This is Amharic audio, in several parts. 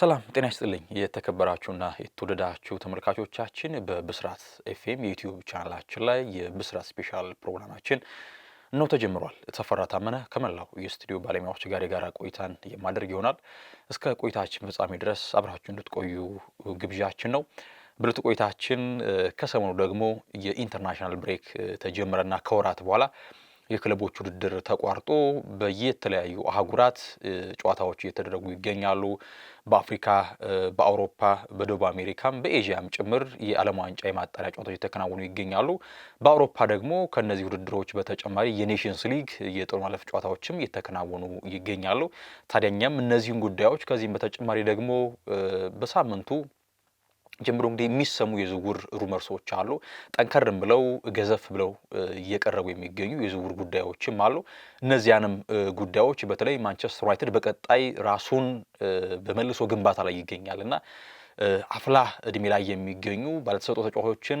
ሰላም ጤና ይስጥልኝ። የተከበራችሁና የተወደዳችሁ ተመልካቾቻችን በብስራት ኤፍኤም የዩትዩብ ቻናላችን ላይ የብስራት ስፔሻል ፕሮግራማችን ነው ተጀምሯል። ተፈራ ታመነ ከመላው የስቱዲዮ ባለሙያዎች ጋር የጋራ ቆይታን የማደርግ ይሆናል። እስከ ቆይታችን ፍጻሜ ድረስ አብራችሁ እንድትቆዩ ግብዣችን ነው። ብልት ቆይታችን ከሰሞኑ ደግሞ የኢንተርናሽናል ብሬክ ተጀመረና ከወራት በኋላ የክለቦች ውድድር ተቋርጦ በየተለያዩ አህጉራት ጨዋታዎች እየተደረጉ ይገኛሉ። በአፍሪካ፣ በአውሮፓ፣ በደቡብ አሜሪካም በኤዥያም ጭምር የዓለም ዋንጫ የማጣሪያ ጨዋታዎች የተከናወኑ ይገኛሉ። በአውሮፓ ደግሞ ከእነዚህ ውድድሮች በተጨማሪ የኔሽንስ ሊግ የጥሎ ማለፍ ጨዋታዎችም እየተከናወኑ ይገኛሉ። ታዲያኛም እነዚህን ጉዳዮች ከዚህም በተጨማሪ ደግሞ በሳምንቱ ጀምሮ እንግዲህ የሚሰሙ የዝውውር ሩመርሶች አሉ። ጠንከርም ብለው ገዘፍ ብለው እየቀረቡ የሚገኙ የዝውውር ጉዳዮችም አሉ። እነዚያንም ጉዳዮች በተለይ ማንቸስተር ዩናይትድ በቀጣይ ራሱን በመልሶ ግንባታ ላይ ይገኛል እና አፍላ እድሜ ላይ የሚገኙ ባለተሰጥኦ ተጫዋቾችን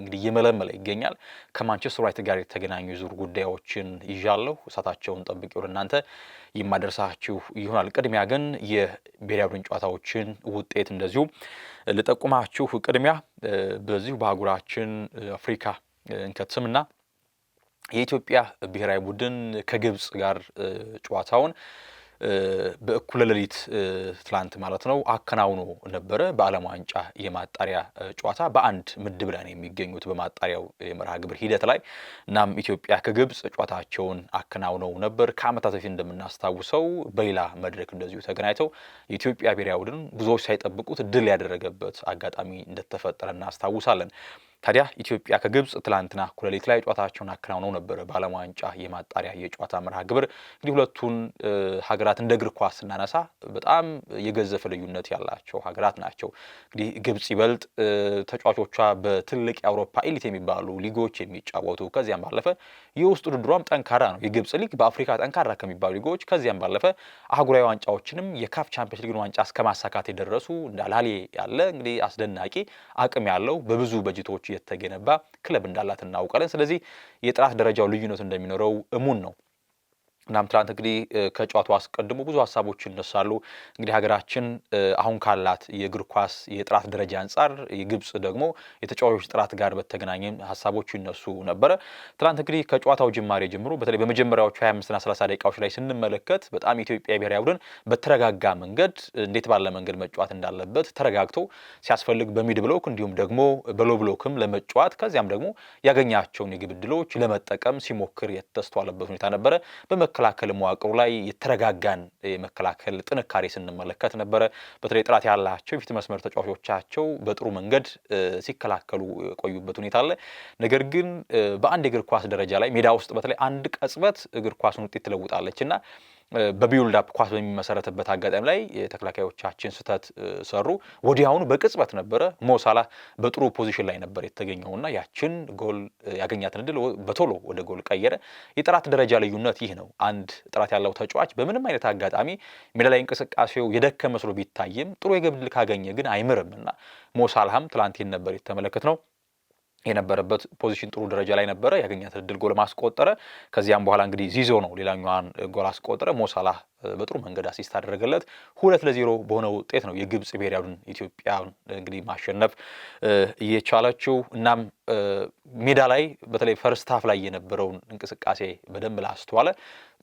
እንግዲህ እየመለመለ ይገኛል። ከማንቸስተር ዩናይትድ ጋር የተገናኙ የዙር ጉዳዮችን ይዣለሁ። እሳታቸውን ጠብቄ ወደ እናንተ የማደርሳችሁ ይሆናል። ቅድሚያ ግን የብሔራዊ ቡድን ጨዋታዎችን ውጤት እንደዚሁ ልጠቁማችሁ። ቅድሚያ በዚሁ በአህጉራችን አፍሪካ ና የኢትዮጵያ ብሔራዊ ቡድን ከግብፅ ጋር ጨዋታውን በእኩለ ሌሊት ትላንት ማለት ነው አከናውኖ ነበረ። በዓለም ዋንጫ የማጣሪያ ጨዋታ በአንድ ምድብ ላይ ነው የሚገኙት በማጣሪያው የመርሃ ግብር ሂደት ላይ። እናም ኢትዮጵያ ከግብፅ ጨዋታቸውን አከናውነው ነበር። ከዓመታት በፊት እንደምናስታውሰው በሌላ መድረክ እንደዚሁ ተገናኝተው የኢትዮጵያ ብሔራዊ ቡድን ብዙዎች ሳይጠብቁት ድል ያደረገበት አጋጣሚ እንደተፈጠረ እናስታውሳለን። ታዲያ ኢትዮጵያ ከግብጽ ትላንትና ኩለሌት ላይ ጨዋታቸውን አከናውነው ነበረ በዓለም ዋንጫ የማጣሪያ የጨዋታ መርሃ ግብር። እንግዲህ ሁለቱን ሀገራት እንደ እግር ኳስ ስናነሳ በጣም የገዘፈ ልዩነት ያላቸው ሀገራት ናቸው። እንግዲህ ግብጽ ይበልጥ ተጫዋቾቿ በትልቅ የአውሮፓ ኤሊት የሚባሉ ሊጎች የሚጫወቱ ከዚያም ባለፈ የውስጥ ውድድሯም ጠንካራ ነው። የግብጽ ሊግ በአፍሪካ ጠንካራ ከሚባሉ ሊጎች ከዚያም ባለፈ አህጉራዊ ዋንጫዎችንም የካፍ ቻምፒዮንስ ሊግን ዋንጫ እስከ ማሳካት የደረሱ እንደ ያለ እንግዲህ አስደናቂ አቅም ያለው በብዙ በጅቶች የተገነባ ክለብ እንዳላት እናውቃለን። ስለዚህ የጥራት ደረጃው ልዩነት እንደሚኖረው እሙን ነው። እናም ትናንት እንግዲህ ከጨዋታው አስቀድሞ ብዙ ሀሳቦች ይነሳሉ። እንግዲህ ሀገራችን አሁን ካላት የእግር ኳስ የጥራት ደረጃ አንጻር የግብፅ ደግሞ የተጫዋቾች ጥራት ጋር በተገናኘ ሀሳቦች ይነሱ ነበረ። ትናንት እንግዲህ ከጨዋታው ጅማሬ ጀምሮ በተለይ በመጀመሪያዎቹ 25ና 30 ደቂቃዎች ላይ ስንመለከት በጣም የኢትዮጵያ ብሔራዊ ቡድን በተረጋጋ መንገድ እንዴት ባለ መንገድ መጫወት እንዳለበት ተረጋግቶ ሲያስፈልግ በሚድ ብሎክ እንዲሁም ደግሞ በሎ ብሎክም ለመጫወት ከዚያም ደግሞ ያገኛቸውን የግብ ዕድሎች ለመጠቀም ሲሞክር የተስተዋለበት ሁኔታ ነበረ። መከላከል መዋቅሩ ላይ የተረጋጋን የመከላከል ጥንካሬ ስንመለከት ነበረ። በተለይ ጥራት ያላቸው የፊት መስመር ተጫዋቾቻቸው በጥሩ መንገድ ሲከላከሉ የቆዩበት ሁኔታ አለ። ነገር ግን በአንድ የእግር ኳስ ደረጃ ላይ ሜዳ ውስጥ በተለይ አንድ ቀጽበት እግር ኳሱን ውጤት ትለውጣለች እና በቢውልዳፕ ኳስ በሚመሰረትበት አጋጣሚ ላይ ተከላካዮቻችን ስህተት ሰሩ። ወዲያውኑ በቅጽበት ነበረ ሞሳላ በጥሩ ፖዚሽን ላይ ነበር የተገኘውና ያችን ጎል ያገኛትን እድል በቶሎ ወደ ጎል ቀየረ። የጥራት ደረጃ ልዩነት ይህ ነው። አንድ ጥራት ያለው ተጫዋች በምንም አይነት አጋጣሚ ሜዳ ላይ እንቅስቃሴው የደከመ መስሎ ቢታይም ጥሩ የግብ ዕድል ካገኘ ግን አይምርም እና ሞሳላህም ትላንት ነበር የተመለከት ነው። የነበረበት ፖዚሽን ጥሩ ደረጃ ላይ ነበረ። ያገኛትን እድል ጎል ማስቆጠረ። ከዚያም በኋላ እንግዲህ ዚዞ ነው ሌላኛዋን ጎል አስቆጠረ። ሞሳላህ በጥሩ መንገድ አሲስት አደረገለት። ሁለት ለዜሮ በሆነ ውጤት ነው የግብፅ ብሔራዊን ኢትዮጵያን እንግዲህ ማሸነፍ እየቻለችው። እናም ሜዳ ላይ በተለይ ፈርስት ሀፍ ላይ የነበረውን እንቅስቃሴ በደንብ ላስተዋለ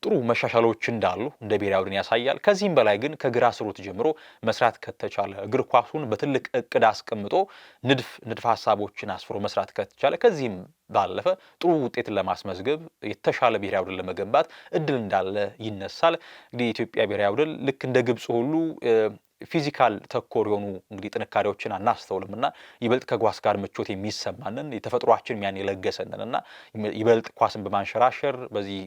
ጥሩ መሻሻሎች እንዳሉ እንደ ብሔራዊ ቡድን ያሳያል። ከዚህም በላይ ግን ከግራ ስሮት ጀምሮ መስራት ከተቻለ እግር ኳሱን በትልቅ እቅድ አስቀምጦ ንድፍ ንድፍ ሀሳቦችን አስፍሮ መስራት ከተቻለ ከዚህም ባለፈ ጥሩ ውጤትን ለማስመዝገብ የተሻለ ብሔራዊ ቡድን ለመገንባት እድል እንዳለ ይነሳል። እንግዲህ የኢትዮጵያ ብሔራዊ ቡድን ልክ እንደ ግብፅ ሁሉ ፊዚካል ተኮር የሆኑ እንግዲህ ጥንካሬዎችን አናስተውልም እና ይበልጥ ከኳስ ጋር ምቾት የሚሰማንን የተፈጥሯችን ያን የለገሰንን እና ይበልጥ ኳስን በማንሸራሸር በዚህ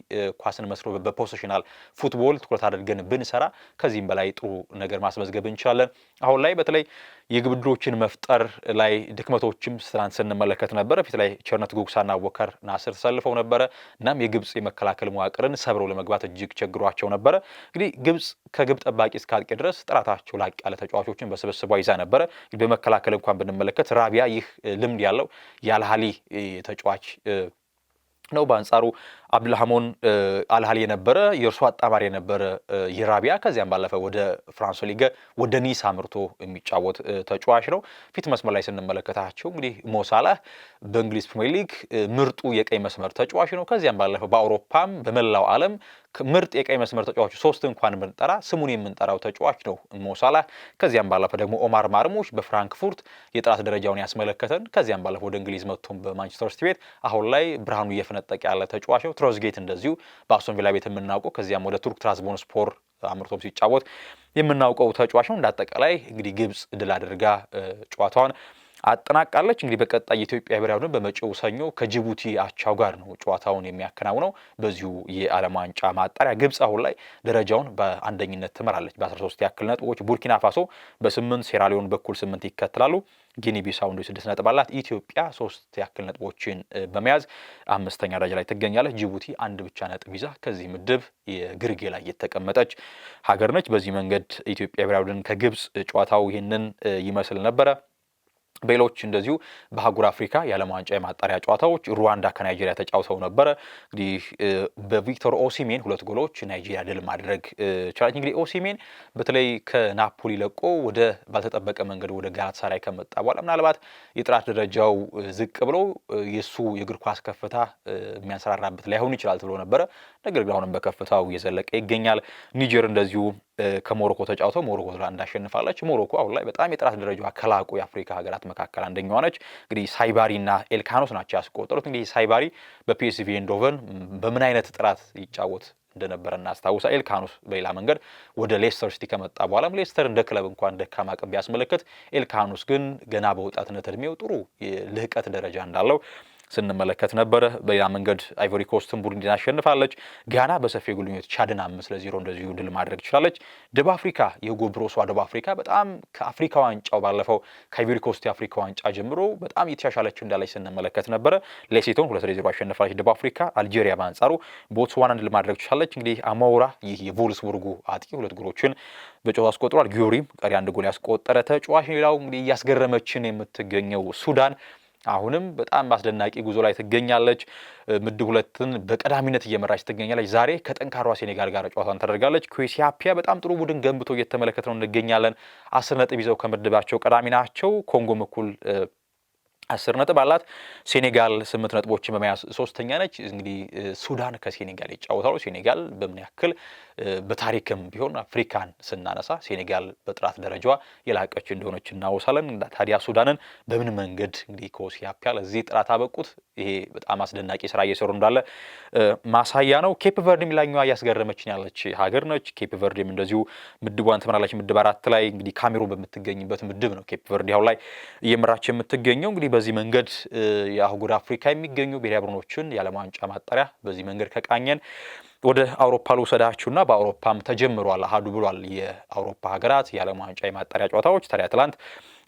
ኳስን መስሎ በፖሴሽናል ፉትቦል ትኩረት አድርገን ብንሰራ ከዚህም በላይ ጥሩ ነገር ማስመዝገብ እንችላለን። አሁን ላይ በተለይ የግብ ዕድሎችን መፍጠር ላይ ድክመቶችም ትናንት ስንመለከት ነበረ። ፊት ላይ ቸርነት ጉግሳና ወከር ናስር ተሰልፈው ነበረ። እናም የግብፅ የመከላከል መዋቅርን ሰብረው ለመግባት እጅግ ቸግሯቸው ነበረ። እንግዲህ ግብፅ ከግብ ጠባቂ እስካልቄ ድረስ ጥራታቸው ላቅ ያለ ተጫዋቾችን በስብስቧ ይዛ ነበረ። በመከላከል እንኳን ብንመለከት ራቢያ ይህ ልምድ ያለው የአልሃሊ ተጫዋች ነው። በአንጻሩ አብዱልሃሞን አልሃል የነበረ የእርሱ አጣማሪ የነበረ ይራቢያ ከዚያም ባለፈ ወደ ፍራንስ ሊገ ወደ ኒስ አምርቶ የሚጫወት ተጫዋች ነው። ፊት መስመር ላይ ስንመለከታቸው እንግዲህ ሞሳላህ በእንግሊዝ ፕሪሚየር ሊግ ምርጡ የቀኝ መስመር ተጫዋች ነው። ከዚያም ባለፈ በአውሮፓም በመላው ዓለም ምርጥ የቀኝ መስመር ተጫዋች ሶስት እንኳን ብንጠራ ስሙን የምንጠራው ተጫዋች ነው ሞሳላ። ከዚያም ባለፈ ደግሞ ኦማር ማርሙሽ በፍራንክፉርት የጥራት ደረጃውን ያስመለከተን ከዚያም ባለፈ ወደ እንግሊዝ መጥቶም በማንቸስተር ሲቲ ቤት አሁን ላይ ብርሃኑ እየፈነጠቀ ያለ ተጫዋች ነው። ጌት እንደዚሁ በአስቶን ቪላ ቤት የምናውቀው ከዚያም ወደ ቱርክ ትራንስቦንስፖር አምርቶም ሲጫወት የምናውቀው ተጫዋች ነው። እንዳጠቃላይ እንግዲህ ግብፅ ድል አድርጋ ጨዋታዋን አጠናቃለች። እንግዲህ በቀጣይ የኢትዮጵያ ብሔራዊ ቡድን በመጪው ሰኞ ከጅቡቲ አቻው ጋር ነው ጨዋታውን የሚያከናውነው በዚሁ የዓለም ዋንጫ ማጣሪያ። ግብፅ አሁን ላይ ደረጃውን በአንደኝነት ትመራለች በ13 ያክል ነጥቦች። ቡርኪና ፋሶ በስምንት ሴራሊዮን በኩል ስምንት ይከተላሉ። ጊኒ ቢሳው እንዲሁ ስድስት ነጥብ አላት። ኢትዮጵያ ሶስት ያክል ነጥቦችን በመያዝ አምስተኛ ደረጃ ላይ ትገኛለች። ጅቡቲ አንድ ብቻ ነጥብ ይዛ ከዚህ ምድብ የግርጌ ላይ የተቀመጠች ሀገር ነች። በዚህ መንገድ ኢትዮጵያ ብሔራዊ ቡድን ከግብፅ ጨዋታው ይህንን ይመስል ነበረ። በሌሎች እንደዚሁ በአህጉር አፍሪካ የዓለም ዋንጫ የማጣሪያ ጨዋታዎች ሩዋንዳ ከናይጄሪያ ተጫውተው ነበረ። እንግዲህ በቪክቶር ኦሲሜን ሁለት ጎሎች ናይጄሪያ ድል ማድረግ ችላለች። እንግዲህ ኦሲሜን በተለይ ከናፖሊ ለቆ ወደ ባልተጠበቀ መንገድ ወደ ጋላታሳራይ ከመጣ በኋላ ምናልባት የጥራት ደረጃው ዝቅ ብሎ የእሱ የእግር ኳስ ከፍታ የሚያንሰራራበት ላይሆን ይችላል ተብሎ ነበረ። ነገር ግን አሁንም በከፍታው እየዘለቀ ይገኛል። ኒጀር እንደዚሁ ከሞሮኮ ተጫውተው ሞሮኮ ትላንት አሸንፋለች። ሞሮኮ አሁን ላይ በጣም የጥራት ደረጃዋ ከላቁ የአፍሪካ ሀገራት መካከል አንደኛዋ ነች። እንግዲህ ሳይባሪና ኤልካኖስ ናቸው ያስቆጠሩት። እንግዲህ ሳይባሪ በፒኤስቪ ኤንዶቨን በምን አይነት ጥራት ይጫወት እንደነበረ እናስታውሳ። ኤልካኖስ በሌላ መንገድ ወደ ሌስተር ሲቲ ከመጣ በኋላም ሌስተር እንደ ክለብ እንኳን ደካማ አቅም ቢያስመለክት፣ ኤልካኖስ ግን ገና በወጣትነት እድሜው ጥሩ ልህቀት ደረጃ እንዳለው ስንመለከት ነበረ። በሌላ መንገድ አይቮሪ ኮስትን ቡሩንዲን አሸንፋለች። ጋና በሰፊ የጎልኞት ቻድን አምስት ለዜሮ እንደዚሁ ድል ማድረግ ችላለች። ደቡብ አፍሪካ የሁጎ ብሮሷ ደቡብ አፍሪካ በጣም ከአፍሪካ ዋንጫው ባለፈው ከአይቮሪ ኮስት የአፍሪካ ዋንጫ ጀምሮ በጣም እየተሻሻለች እንዳለች ስንመለከት ነበረ። ሌሴቶን ሁለት ለዜሮ አሸንፋለች ደቡብ አፍሪካ። አልጄሪያ በአንጻሩ ቦትስዋና ድል ማድረግ ችላለች። እንግዲህ አማውራ ይህ የቮልስቡርጉ አጥቂ ሁለት ጉሮችን በጨዋታ አስቆጥሯል። ጊዮሪም ቀሪ አንድ ጎል ያስቆጠረ ተጫዋች። ሌላው እንግዲህ እያስገረመችን የምትገኘው ሱዳን አሁንም በጣም አስደናቂ ጉዞ ላይ ትገኛለች። ምድብ ሁለትን በቀዳሚነት እየመራች ትገኛለች። ዛሬ ከጠንካሯ ሴኔጋል ጋር ጨዋታን ታደርጋለች። ኩዌሲያፒያ በጣም ጥሩ ቡድን ገንብቶ እየተመለከት ነው እንገኛለን። አስር ነጥብ ይዘው ከምድባቸው ቀዳሚ ናቸው። ኮንጎ እኩል አስር ነጥብ አላት። ሴኔጋል ስምንት ነጥቦችን በመያዝ ሶስተኛ ነች። እንግዲህ ሱዳን ከሴኔጋል ይጫወታሉ። ሴኔጋል በምን ያክል በታሪክም ቢሆን አፍሪካን ስናነሳ ሴኔጋል በጥራት ደረጃዋ የላቀች እንደሆነች እናወሳለን። ታዲያ ሱዳንን በምን መንገድ እንግዲህ ከኦሲያፒያ ለዚህ ጥራት አበቁት? ይሄ በጣም አስደናቂ ስራ እየሰሩ እንዳለ ማሳያ ነው። ኬፕ ቨርድም ሌላኛዋ እያስገረመችን ያለች ሀገር ነች። ኬፕ ቨርድም እንደዚሁ ምድቧን ትመራለች። ምድብ አራት ላይ እንግዲህ ካሜሩን በምትገኝበት ምድብ ነው ኬፕ ቨርድ አሁን ላይ እየመራች የምትገኘው እንግዲህ በዚህ መንገድ የአህጉር አፍሪካ የሚገኙ ብሔራዊ ቡድኖችን የዓለም ዋንጫ ማጣሪያ በዚህ መንገድ ከቃኘን ወደ አውሮፓ ልውሰዳችሁና በአውሮፓም ተጀምሯል። አሀዱ ብሏል የአውሮፓ ሀገራት የዓለም ዋንጫ የማጣሪያ ጨዋታዎች። ታዲያ ትላንት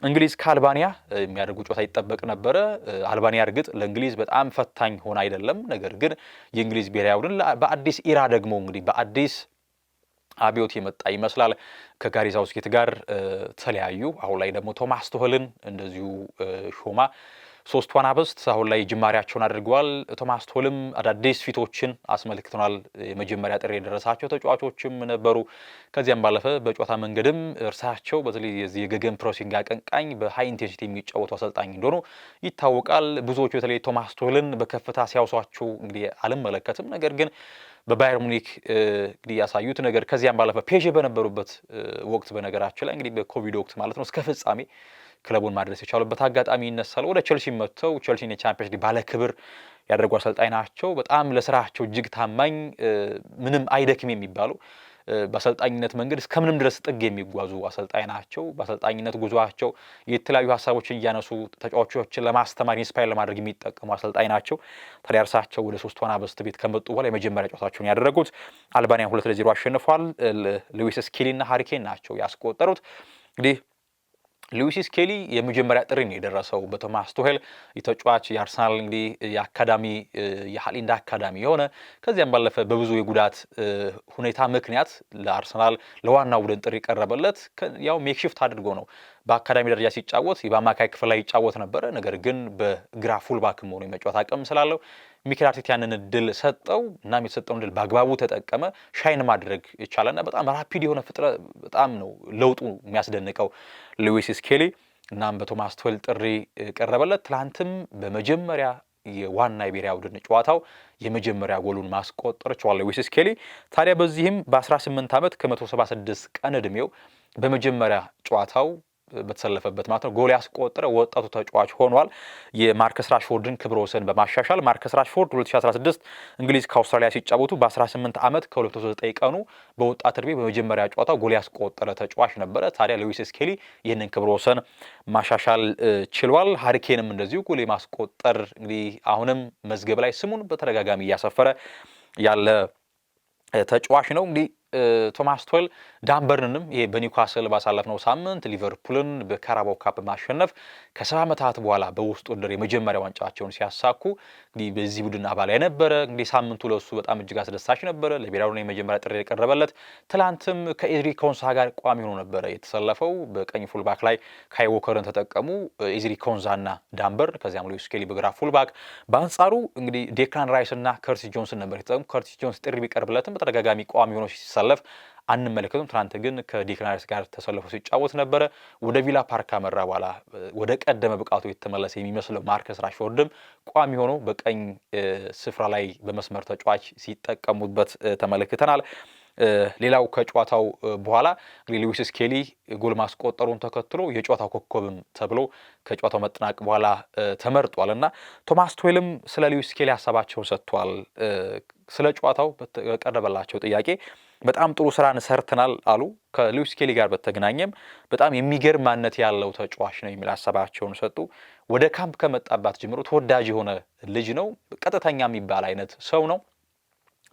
እንግሊዝ ከአልባንያ የሚያደርጉ ጨዋታ ይጠበቅ ነበረ። አልባንያ እርግጥ ለእንግሊዝ በጣም ፈታኝ ሆነ አይደለም፣ ነገር ግን የእንግሊዝ ብሔራዊ ቡድን በአዲስ ኢራ ደግሞ እንግዲህ በአዲስ አብዮት የመጣ ይመስላል። ከጋሪ ዛውስኪት ጋር ተለያዩ። አሁን ላይ ደግሞ ቶማስ ቱኸልን እንደዚሁ ሾማ። ሶስቱ አናብስት አሁን ላይ ጅማሪያቸውን አድርገዋል። ቶማስ ቶልም አዳዲስ ፊቶችን አስመልክተናል። የመጀመሪያ ጥሪ የደረሳቸው ተጫዋቾችም ነበሩ። ከዚያም ባለፈ በጨዋታ መንገድም እርሳቸው በተለይ የዚህ የገገን ፕሮሲንግ አቀንቃኝ በሀይ ኢንቴንሲቲ የሚጫወቱ አሰልጣኝ እንደሆኑ ይታወቃል። ብዙዎቹ በተለይ ቶማስ ቶልን በከፍታ ሲያውሷቸው እንግዲህ አልመለከትም። ነገር ግን በባየር ሙኒክ እንግዲህ ያሳዩት ነገር ከዚያም ባለፈ ፔዥ በነበሩበት ወቅት በነገራችን ላይ እንግዲህ በኮቪድ ወቅት ማለት ነው እስከ ፍጻሜ ክለቡን ማድረስ የቻሉበት አጋጣሚ ይነሳል። ወደ ቸልሲ መጥተው ቸልሲን የቻምፒዮንስ ሊግ ባለክብር ያደረጉ አሰልጣኝ ናቸው። በጣም ለስራቸው እጅግ ታማኝ፣ ምንም አይደክም የሚባሉ በአሰልጣኝነት መንገድ እስከ ምንም ድረስ ጥግ የሚጓዙ አሰልጣኝ ናቸው። በአሰልጣኝነት ጉዟቸው የተለያዩ ሀሳቦችን እያነሱ ተጫዋቾችን ለማስተማር ኢንስፓየር ለማድረግ የሚጠቀሙ አሰልጣኝ ናቸው። ታዲያ እርሳቸው ወደ ሶስት ዋና በስት ቤት ከመጡ በኋላ የመጀመሪያ ጨዋታቸውን ያደረጉት አልባኒያን ሁለት ለዜሮ አሸንፏል። ሉዊስ ስኬሊና ሀሪኬን ናቸው ያስቆጠሩት እንግዲህ ሉዊስ ስኬሊ የመጀመሪያ ጥሪ ነው የደረሰው በቶማስ ቱሄል የተጫዋች የአርሰናል እንግዲህ የአካዳሚ የሀሊንዳ አካዳሚ የሆነ ከዚያም ባለፈ በብዙ የጉዳት ሁኔታ ምክንያት ለአርሰናል ለዋና ቡድን ጥሪ ቀረበለት። ያው ሜክሽፍት አድርጎ ነው በአካዳሚ ደረጃ ሲጫወት በአማካይ ክፍል ላይ ይጫወት ነበረ። ነገር ግን በግራ ፉልባክ መሆኑ የመጫወት አቅም ስላለው ሚኬል አርቴታ ያንን እድል ሰጠው። እናም የተሰጠውን እድል በአግባቡ ተጠቀመ። ሻይን ማድረግ ይቻላልና በጣም ራፒድ የሆነ ፍጥረ በጣም ነው ለውጡ የሚያስደንቀው ሉዊስ ስኬሊ። እናም በቶማስ ቶል ጥሪ ቀረበለት። ትላንትም በመጀመሪያ የዋና የብሔራዊ ቡድን ጨዋታው የመጀመሪያ ጎሉን ማስቆጠር ችሏል ሉዊስ ስኬሊ። ታዲያ በዚህም በ18 ዓመት ከ176 ቀን ዕድሜው በመጀመሪያ ጨዋታው በተሰለፈበት ማለት ነው ጎል ያስቆጠረ ወጣቱ ተጫዋች ሆኗል። የማርከስ ራሽፎርድን ክብረ ወሰን በማሻሻል ማርከስ ራሽፎርድ 2016 እንግሊዝ ከአውስትራሊያ ሲጫወቱ በ18 ዓመት ከ29 ቀኑ በወጣት እድሜ በመጀመሪያ ጨዋታው ጎል ያስቆጠረ ተጫዋች ነበረ። ታዲያ ሉዊስ ስኬሊ ይህንን ክብረ ወሰን ማሻሻል ችሏል። ሀሪኬንም እንደዚሁ ጎል የማስቆጠር እንግዲህ አሁንም መዝገብ ላይ ስሙን በተደጋጋሚ እያሰፈረ ያለ ተጫዋች ነው እንግዲህ ቶማስ ቶይል ዳንበርንንም ይሄ በኒውካስል ባሳለፍነው ሳምንት ሊቨርፑልን በካራባው ካፕ ማሸነፍ ከሰባ ዓመታት በኋላ በውስጥ ወደር የመጀመሪያ ዋንጫቸውን ሲያሳኩ እንግዲህ በዚህ ቡድን አባል የነበረ እንግዲህ ሳምንቱ ለሱ በጣም እጅግ አስደሳች ነበረ። ለብሔራዊ የመጀመሪያ ጥሪ የቀረበለት ትላንትም ከኤዝሪ ኮንሳ ጋር ቋሚ ሆኖ ነበረ የተሰለፈው። በቀኝ ፉልባክ ላይ ካይ ዎከርን ተጠቀሙ ኤዝሪ ኮንዛና ዳንበር፣ ከዚያም ሉዊስ ስኬሊ በግራ ፉልባክ። በአንጻሩ እንግዲህ ዴክላን ራይስና ከርቲስ ጆንስን ነበር የተጠቀሙ። ከርቲስ ጆንስ ጥሪ ቢቀርብለትም በተደጋጋሚ ቋሚ ሆኖ ሲሰ ሲያሳለፍ አንመለከቱም። ትናንት ግን ከዲክናሪስ ጋር ተሰልፎ ሲጫወት ነበረ። ወደ ቪላ ፓርክ ካመራ በኋላ ወደ ቀደመ ብቃቱ የተመለሰ የሚመስለው ማርከስ ራሽፎርድም ቋሚ ሆኖ በቀኝ ስፍራ ላይ በመስመር ተጫዋች ሲጠቀሙበት ተመለክተናል። ሌላው ከጨዋታው በኋላ እንግዲህ ሉዊስ ስኬሊ ጎል ማስቆጠሩን ተከትሎ የጨዋታው ኮከብም ተብሎ ከጨዋታው መጠናቅ በኋላ ተመርጧል እና ቶማስ ቶይልም ስለ ሉዊስ ስኬሊ ሀሳባቸውን ሰጥቷል። ስለ ጨዋታው በቀረበላቸው ጥያቄ በጣም ጥሩ ስራን ሰርተናል አሉ። ከሉዊስ ኬሊ ጋር በተገናኘም በጣም የሚገርም ማንነት ያለው ተጫዋች ነው የሚል ሀሳባቸውን ሰጡ። ወደ ካምፕ ከመጣባት ጀምሮ ተወዳጅ የሆነ ልጅ ነው። ቀጥተኛ የሚባል አይነት ሰው ነው።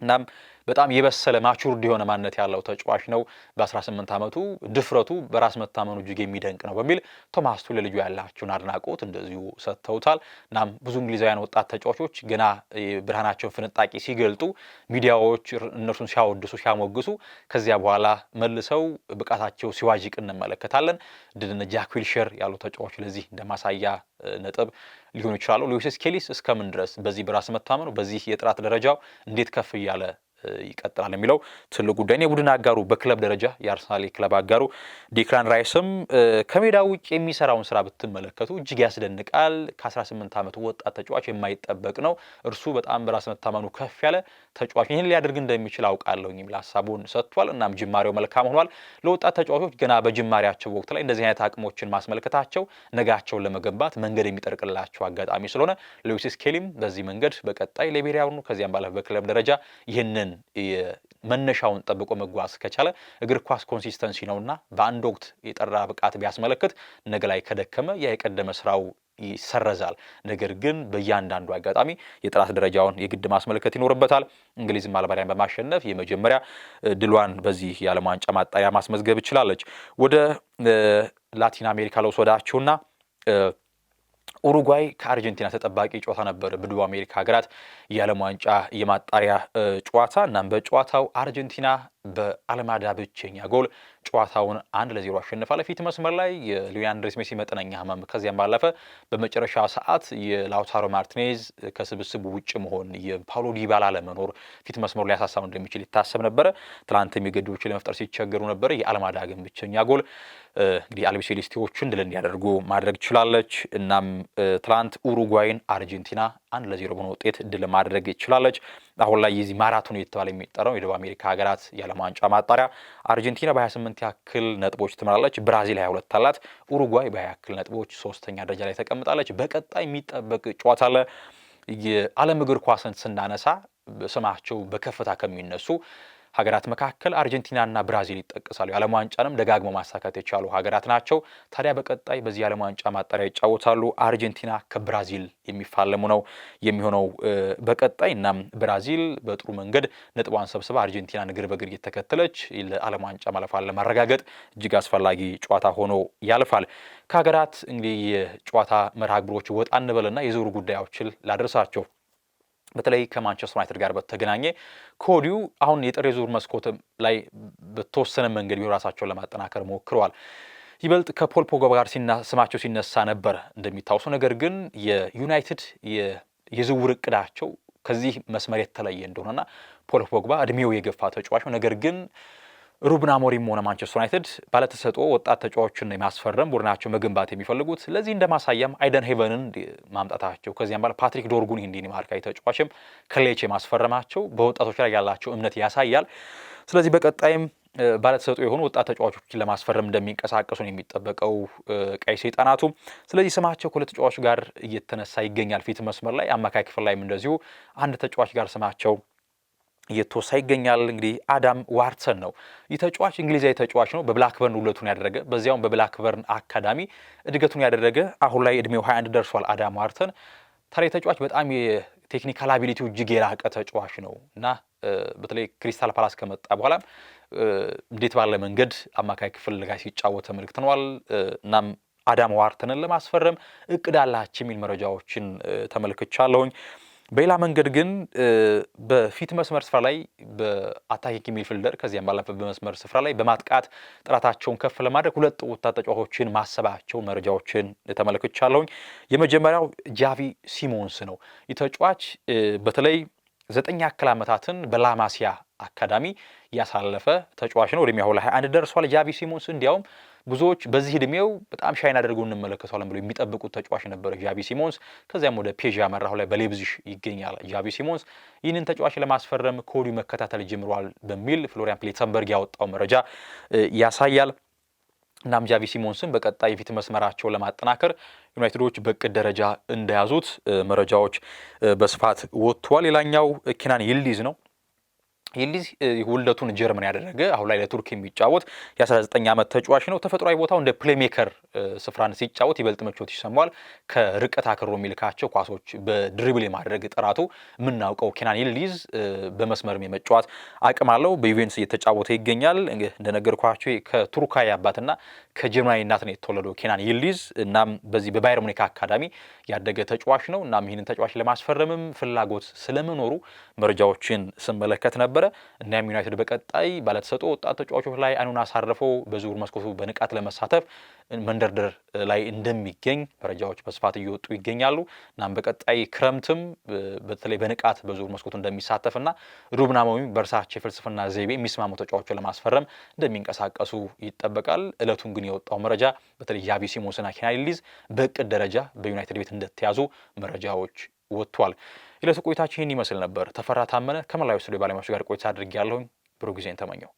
እናም በጣም የበሰለ ማቹርድ የሆነ ማንነት ያለው ተጫዋች ነው። በ18 ዓመቱ ድፍረቱ፣ በራስ መታመኑ እጅግ የሚደንቅ ነው በሚል ቶማስ ቱል ልጁ ያላቸውን አድናቆት እንደዚሁ ሰጥተውታል። እናም ብዙ እንግሊዛውያን ወጣት ተጫዋቾች ገና ብርሃናቸውን ፍንጣቂ ሲገልጡ ሚዲያዎች እነርሱን ሲያወድሱ ሲያሞግሱ፣ ከዚያ በኋላ መልሰው ብቃታቸው ሲዋዥቅ እንመለከታለን። ድድነ ጃክ ዊልሸር ያሉ ተጫዋች ለዚህ እንደማሳያ ነጥብ ሊሆኑ ይችላሉ። ሉዊስ ስኬሊስ እስከምን ድረስ በዚህ በራስ መታመኑ በዚህ የጥራት ደረጃው እንዴት ከፍ እያለ ይቀጥላል የሚለው ትልቅ ጉዳይ ነው። የቡድን አጋሩ በክለብ ደረጃ የአርሰናል የክለብ አጋሩ ዲክላን ራይስም ከሜዳ ውጭ የሚሰራውን ስራ ብትመለከቱ እጅግ ያስደንቃል። ከ18 ዓመቱ ወጣት ተጫዋች የማይጠበቅ ነው። እርሱ በጣም በራስ መታመኑ ከፍ ያለ ተጫዋች ይህን ሊያደርግ እንደሚችል አውቃለሁ የሚል ሀሳቡን ሰጥቷል። እናም ጅማሬው መልካም ሆኗል። ለወጣት ተጫዋቾች ገና በጅማሬያቸው ወቅት ላይ እንደዚህ አይነት አቅሞችን ማስመልከታቸው ነጋቸውን ለመገንባት መንገድ የሚጠርቅላቸው አጋጣሚ ስለሆነ ሉዊስ ስኬሊም በዚህ መንገድ በቀጣይ ላይቤሪያኑ ከዚያም ባለፈ በክለብ ደረጃ ይህንን ያንን መነሻውን ጠብቆ መጓዝ ከቻለ እግር ኳስ ኮንሲስተንሲ ነውና በአንድ ወቅት የጠራ ብቃት ቢያስመለክት ነገ ላይ ከደከመ ያ የቀደመ ስራው ይሰረዛል። ነገር ግን በእያንዳንዱ አጋጣሚ የጥራት ደረጃውን የግድ ማስመለከት ይኖርበታል። እንግሊዝ አልባንያን በማሸነፍ የመጀመሪያ ድሏን በዚህ የዓለም ዋንጫ ማጣሪያ ማስመዝገብ ይችላለች። ወደ ላቲን አሜሪካ ለውሰዳችሁና ኡሩጓይ ከአርጀንቲና ተጠባቂ ጨዋታ ነበር። በደቡብ አሜሪካ ሀገራት የዓለም ዋንጫ የማጣሪያ ጨዋታ እናም በጨዋታው አርጀንቲና በአልማዳ ብቸኛ ጎል ጨዋታውን አንድ ለዜሮ አሸንፋለ። ፊት መስመር ላይ የሊያንድሬስ ሜሲ መጠነኛ ህመም ከዚያም ባለፈ በመጨረሻ ሰዓት የላውታሮ ማርቲኔዝ ከስብስቡ ውጭ መሆን የፓውሎ ዲባላ ለመኖር ፊት መስመሩ ሊያሳሳው እንደሚችል ይታሰብ ነበረ። ትላንት የሚገድቦች ለመፍጠር ሲቸገሩ ነበረ። የአልማዳ ግን ብቸኛ ጎል እንግዲህ አልቢ ሴሌስቴዎችን ድል እንዲያደርጉ ማድረግ ችላለች። እናም ትላንት ኡሩጓይን አርጀንቲና አንድ ለዜሮ በሆነ ውጤት ድል ማድረግ ችላለች። አሁን ላይ የዚህ ማራቶን የተባለ የሚጠራው የደቡብ አሜሪካ ሀገራት ያለ የዓለም ዋንጫ ማጣሪያ አርጀንቲና በ28 ያክል ነጥቦች ትመራለች። ብራዚል 22 አላት። ኡሩጓይ በ20 ያክል ነጥቦች ሶስተኛ ደረጃ ላይ ተቀምጣለች። በቀጣይ የሚጠበቅ ጨዋታ ለ የዓለም እግር ኳስን ስናነሳ ስማቸው በከፍታ ከሚነሱ ሀገራት መካከል አርጀንቲናና ብራዚል ይጠቀሳሉ። የዓለም ዋንጫንም ደጋግሞ ማሳካት የቻሉ ሀገራት ናቸው። ታዲያ በቀጣይ በዚህ የዓለም ዋንጫ ማጣሪያ ይጫወታሉ። አርጀንቲና ከብራዚል የሚፋለሙ ነው የሚሆነው በቀጣይ እናም ብራዚል በጥሩ መንገድ ነጥቧን ሰብስባ አርጀንቲናን እግር በግር እየተከተለች ለዓለም ዋንጫ ማለፏን ለማረጋገጥ እጅግ አስፈላጊ ጨዋታ ሆኖ ያልፋል። ከሀገራት እንግዲህ የጨዋታ መርሃ ግብሮች ወጣ እንበልና የዞሩ ጉዳዮችን ላደርሳቸው በተለይ ከማንቸስተር ዩናይትድ ጋር በተገናኘ ከወዲሁ አሁን የጥር ዙር መስኮት ላይ በተወሰነ መንገድ ቢሆን ራሳቸውን ለማጠናከር ሞክረዋል። ይበልጥ ከፖል ፖግባ ጋር ስማቸው ሲነሳ ነበር እንደሚታወሱ። ነገር ግን የዩናይትድ የዝውውር እቅዳቸው ከዚህ መስመር የተለየ እንደሆነና ፖል ፖግባ እድሜው የገፋ ተጫዋች ነው ነገር ግን ሩበን አሞሪም ሆነ ማንቸስተር ዩናይትድ ባለተሰጥኦ ወጣት ተጫዋቾችን የማስፈረም ቡድናቸው መገንባት የሚፈልጉት ለዚህ እንደ ማሳያም አይደን ሄቨንን ማምጣታቸው ከዚያም በኋላ ፓትሪክ ዶርጉን ይህን ዴንማርካዊ ተጫዋችም ከሌች የማስፈረማቸው በወጣቶች ላይ ያላቸው እምነት ያሳያል። ስለዚህ በቀጣይም ባለተሰጡ የሆኑ ወጣት ተጫዋቾችን ለማስፈረም እንደሚንቀሳቀሱ ነው የሚጠበቀው ቀይ ሰይጣናቱ። ስለዚህ ስማቸው ከሁለት ተጫዋቾች ጋር እየተነሳ ይገኛል። ፊት መስመር ላይ አማካይ ክፍል ላይም እንደዚሁ አንድ ተጫዋች ጋር ስማቸው እየተወሳ ይገኛል። እንግዲህ አዳም ዋርተን ነው ይህ ተጫዋች እንግሊዛዊ ተጫዋች ነው። በብላክበርን ውለቱን ያደረገ በዚያውም በብላክበርን አካዳሚ እድገቱን ያደረገ አሁን ላይ እድሜው 21 ደርሷል። አዳም ዋርተን ታዲያ ተጫዋች በጣም የቴክኒካል አቢሊቲው እጅግ የላቀ ተጫዋች ነው እና በተለይ ክሪስታል ፓላስ ከመጣ በኋላ እንዴት ባለ መንገድ አማካይ ክፍል ላይ ሲጫወት ተመልክተነዋል። እናም አዳም ዋርተንን ለማስፈረም እቅድ አላቸው የሚል መረጃዎችን ተመልክቻለሁኝ። በሌላ መንገድ ግን በፊት መስመር ስፍራ ላይ በአታኪክ ሚድፊልደር ከዚያም ባለፈ በመስመር ስፍራ ላይ በማጥቃት ጥራታቸውን ከፍ ለማድረግ ሁለት ወጣት ተጫዋቾችን ማሰባቸው መረጃዎችን ተመልክቻለሁኝ። የመጀመሪያው ጃቪ ሲሞንስ ነው። ይህ ተጫዋች በተለይ ዘጠኝ ያክል ዓመታትን በላማሲያ አካዳሚ ያሳለፈ ተጫዋች ነው። እድሜው አሁን ላይ 21 ደርሷል። ጃቪ ሲሞንስ እንዲያውም ብዙዎች በዚህ እድሜው በጣም ሻይን አድርገው እንመለከተዋለን ብለው የሚጠብቁት ተጫዋች ነበረ ዣቢ ሲሞንስ። ከዚያም ወደ ፔዥ ያመራው ላይ በሌብዚሽ ይገኛል ዣቢ ሲሞንስ። ይህንን ተጫዋች ለማስፈረም ከወዲሁ መከታተል ጀምሯል በሚል ፍሎሪያን ፕሌተንበርግ ያወጣው መረጃ ያሳያል። እናም ጃቪ ሲሞንስን በቀጣይ የፊት መስመራቸው ለማጠናከር ዩናይትዶች በቅድ ደረጃ እንደያዙት መረጃዎች በስፋት ወጥቷል። ሌላኛው ኬናን ይልዲዝ ነው። ይህ ውልደቱን ጀርመን ያደረገ አሁን ላይ ለቱርክ የሚጫወት የ19 ዓመት ተጫዋች ነው። ተፈጥሯዊ ቦታው እንደ ፕሌሜከር ስፍራን ሲጫወት ይበልጥ ምቾት ይሰማዋል። ከርቀት አክሮ የሚልካቸው ኳሶች፣ በድሪብል የማድረግ ጥራቱ የምናውቀው ኬናን ይልዲዝ በመስመርም የመጫወት አቅም አለው። በዩቬንትስ እየተጫወተ ይገኛል። እንደነገርኳቸው ከቱርካዊ አባትና ከጀርመናዊ እናት ነው የተወለደው ኬናን ይልዲዝ። እናም በዚህ በባየር ሙኒክ አካዳሚ ያደገ ተጫዋች ነው። እናም ይህንን ተጫዋች ለማስፈረምም ፍላጎት ስለመኖሩ መረጃዎችን ስመለከት ነበር። ነበረ። እናም ዩናይትድ በቀጣይ ባለተሰጡ ወጣት ተጫዋቾች ላይ አይኑን አሳርፎ በዝውውር መስኮቱ በንቃት ለመሳተፍ መንደርደር ላይ እንደሚገኝ መረጃዎች በስፋት እየወጡ ይገኛሉ። እናም በቀጣይ ክረምትም በተለይ በንቃት በዝውውር መስኮቱ እንደሚሳተፍና ሩበን አሞሪም በእርሳቸው የፍልስፍና ዘይቤ የሚስማሙ ተጫዋቾች ለማስፈረም እንደሚንቀሳቀሱ ይጠበቃል። እለቱን ግን የወጣው መረጃ በተለይ ዣቪ ሲሞንስና ኪራይ ሊዝ በእቅድ ደረጃ በዩናይትድ ቤት እንደተያዙ መረጃዎች ወጥቷል። የዕለቱ ቆይታችን ይህን ይመስል ነበር። ተፈራ ታመነ ከመላዊ ስቱዲዮ ባለሙያዎች ጋር ቆይታ አድርጌ ያለሁኝ ብሩህ ጊዜን ተመኘው።